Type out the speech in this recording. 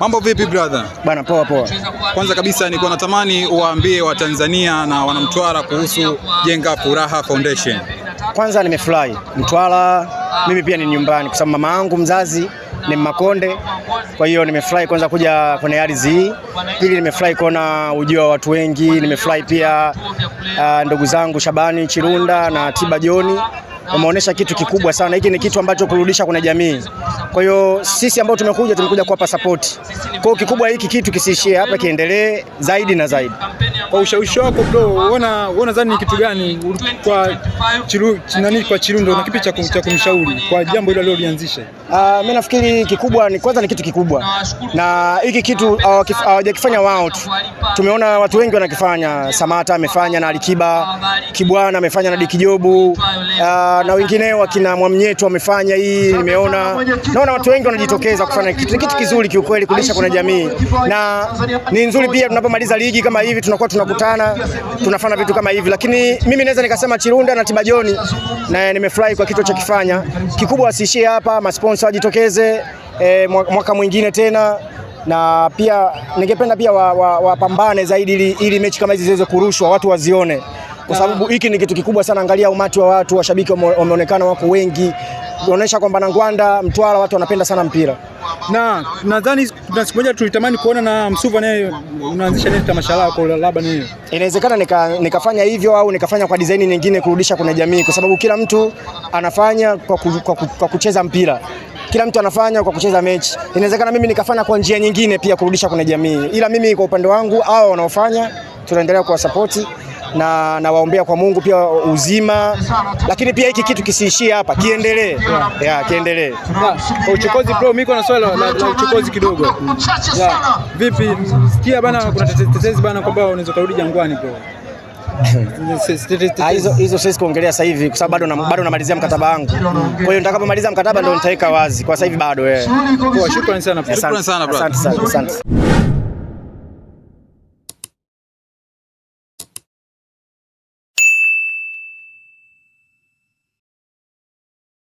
Mambo vipi brother? Bana poa poa. Kwanza kabisa nilikuwa natamani uwaambie Watanzania na wanamtwara kuhusu Jenga Furaha Foundation. Kwanza nimefurahi Mtwara, mimi pia ni nyumbani kwa sababu mama yangu mzazi ni Makonde, kwa hiyo nimefurahi kwanza kuja kwenye ardhi hii. Pili nimefurahi kuona ujio wa watu wengi, nimefurahi pia uh, ndugu zangu Shabani Chirunda na Tiba Joni umeonyesha kitu kikubwa sana. Hiki ni kitu ambacho kurudisha kwenye jamii. Kwa hiyo sisi ambao tumekuja, tumekuja kuwapa support. Kwa hiyo kikubwa hiki kitu kisiishie hapa, kiendelee zaidi na zaidi. Kwa ushawishi wako bro, uona uona zani ni kitu gani kwa Chiru, nani kwa Chirundo na kipi cha cha kumshauri kwa jambo hilo alilolianzisha? Uh, ah, mimi nafikiri kikubwa ni kwanza, ni kitu kikubwa, na hiki kitu ah, ah, hawajakifanya uh, uh, wao tu, tumeona watu wengi wanakifanya. Samata amefanya na Alikiba, Kibwana amefanya na Dikijobu, uh, na wengineo akina Mwamnyeto wamefanya hii, nimeona naona watu wengi wanajitokeza kufanya kitu, ni kitu kizuri kiukweli, kulisha kuna jamii na ni nzuri pia. Tunapomaliza ligi kama hivi tunakuwa tunakutana tunafanya vitu kama hivi, lakini mimi naweza nikasema Chirunda na Tiba Joni, na nimefurahi kwa kitu cha kifanya kikubwa. Asiishie hapa, masponsa wajitokeze e, mwaka mwingine tena na pia ningependa pia wapambane wa, wa zaidi ili, ili mechi kama hizi ziweze kurushwa, watu wazione kwa sababu hiki ni kitu kikubwa sana. Angalia umati wa watu, washabiki wameonekana wako wengi, unaonyesha kwamba Nangwanda, Mtwara watu wanapenda sana mpira na nadhani na siku moja tulitamani kuona na Msuva naye unaanzisha nini tamasha lako labda nini. Inawezekana nika, nikafanya hivyo au nikafanya kwa design nyingine kurudisha kwenye jamii, kwa sababu kila mtu anafanya kwa, ku, kwa, ku, kwa kucheza mpira kila mtu anafanya kwa kucheza mechi. Inawezekana mimi nikafanya kwa njia nyingine pia kurudisha kwenye jamii, ila mimi kwa upande wangu, hao wanaofanya tunaendelea support na nawaombea kwa Mungu pia uzima, lakini pia hiki kitu kisiishie hapa, kiendelee yeah. Yeah, kiendelee yeah. Uchokozi bro, mimi na swali la, uchokozi kidogo yeah. Vipi sikia bana, kuna tetezi bana kwamba unaweza kurudi Jangwani bro ah, hizo hizo siwezi kuongelea sasa hivi kwa sababu bado bado namalizia mkataba wangu. Kwa hiyo nitakapomaliza mkataba ndio nitaweka wazi. Kwa sasa hivi bado wewe. Eh. Shukrani sana. Asante sana. Asante sana.